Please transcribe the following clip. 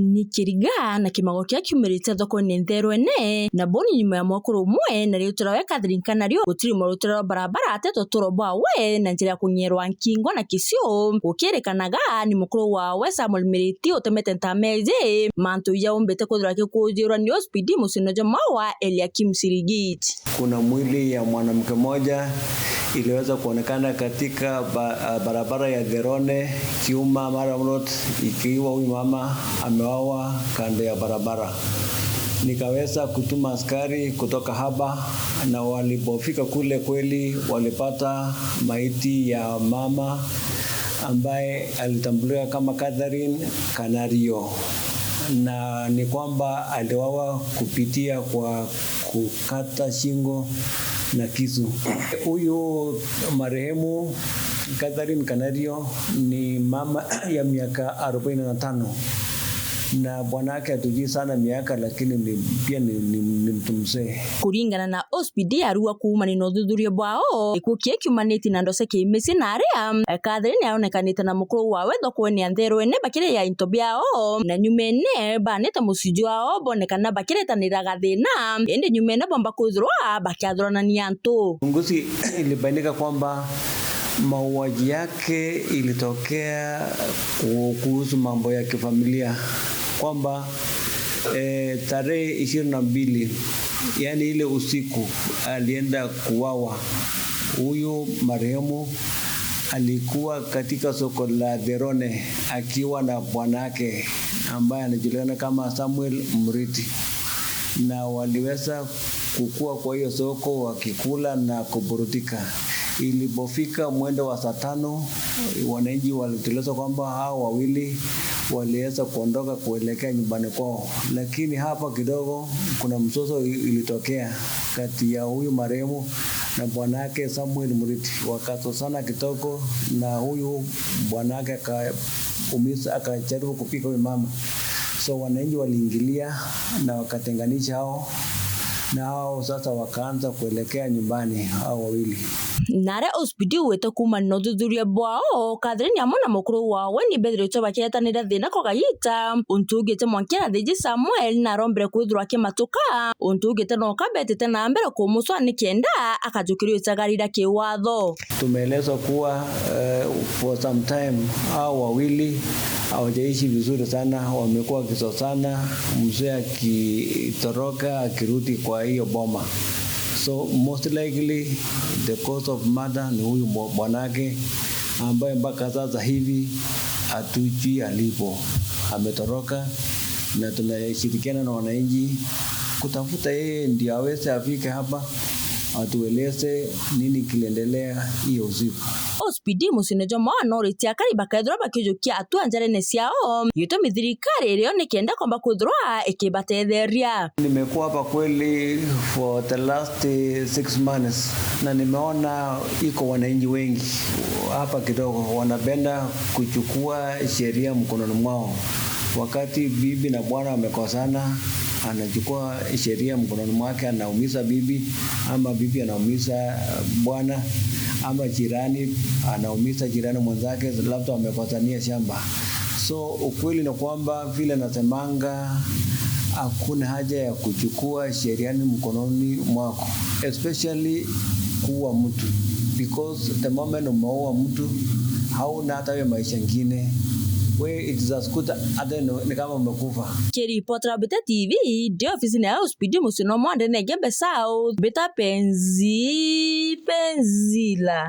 nikiriga na kimago kia kiumirite thoko nĩtherũ ene na boni nyuma ya mwakũrũ ũmwe narĩo itũra we Catherine Kanario gũtirĩ mwerutĩre rwa barabara atetwo bwa we na njĩra ya kũnyerwa nkingo na kĩcio gũkĩrĩkanaga nĩ mũkũrũ wawe Samuel Mirĩti ũtemete ntameje mantu ya umbĩte kwithĩra gĩkũnjĩrwa nĩ ni mũciĩ musinoja mawa Eliakim Sirigit kuna mwili ya mwanamke moja iliweza kuonekana katika barabara ya therone Kiuma Maram ikiwa huyu mama amewawa kando ya barabara. Nikaweza kutuma askari kutoka hapa, na walipofika kule kweli walipata maiti ya mama ambaye alitambuliwa kama Catherine Canario na ni kwamba aliwawa kupitia kwa kukata shingo na kisu. Huyu marehemu Catherine Canario ni mama ya miaka 45 na bwana yake sana miaka, lakini ni, pia ni, ni, ni mtu mzee. kuringana na OSPD Arua kuumani na uthuthuria bwao gikuo kie kiumanite na ndose ki mici na aria Catherine aonekanite na mukuru wa wetho kwene antherwene bakire ya into biao na nyumene banite mucinji wao bonekana bakiretanira gathina indi nyumene bomba kwithirwa bakiathuranania antu uchunguzi ilibainika kwamba mauaji yake ilitokea kuhusu mambo ya kifamilia kwamba e, tarehe ishirini na mbili yaani ile usiku alienda kuwawa huyu marehemu alikuwa katika soko la Dherone akiwa na bwanake ambaye anajulikana kama Samuel Mriti, na waliweza kukua kwa hiyo soko wakikula na kuburudika. Ilipofika mwendo wa saa tano, wananchi walitoleza kwamba hao wawili waliweza kuondoka kuelekea nyumbani kwao, lakini hapa kidogo kuna mzozo ilitokea kati ya huyu marehemu na bwanake Samuel Muriti, wakatosana kitoko na huyu bwanake akaumiza, akajaribu kupiga huyu mama, so wananchi waliingilia na wakatenganisha hao hao sasa wakaanza kuelekea nyumbani hao wawili nare ospidi ugwite kuma na uthuthuria bwao kathirini hamwe na mukuru wawe ni bethrito bakiretanire thina kogayita untu ugite mwankirathiji samuel na arombere kwithirwa akimatuka untu ugite na ukabetete na mbere kumuswa ni kienda akajukirio itagarira kiwatho tumeelezwa kuwa uh, for some time hao wawili hawajaishi vizuri sana, wamekuwa wakisosana, mzee akitoroka akirudi kwa hiyo boma. So most likely the cause of murder ni huyu bwanake ambaye mpaka sasa hivi hatujui alipo, ametoroka na tunashirikiana na wananchi kutafuta yeye ndio aweze afike hapa atueleze nini kiliendelea hiyo usiku ospidi musinojo moono itiakari bakaithirwa bakijukia atua njarene ciao yitumi thirikari irione kienda kwamba kwithirwa ikibatetheria nimekuwa hapa kweli for the last eh, six months na nimeona iko wananchi wengi hapa kidogo wanapenda kuchukua sheria mkononi mwao wakati bibi na bwana wamekosana anachukua sheria mkononi mwake, anaumiza bibi ama bibi anaumiza uh, bwana ama jirani anaumiza jirani mwenzake, labda wamekosania shamba. So ukweli ni kwamba vile nasemanga, hakuna haja ya kuchukua sheriani mkononi mwako, especially kuua mtu, because the moment umeua mtu hauna hata hiyo maisha ingine we it is ateno ni kama umekufa kiripotera bita tv ndio ofisi na hospidi musino mwande nege besau bita penzi penzila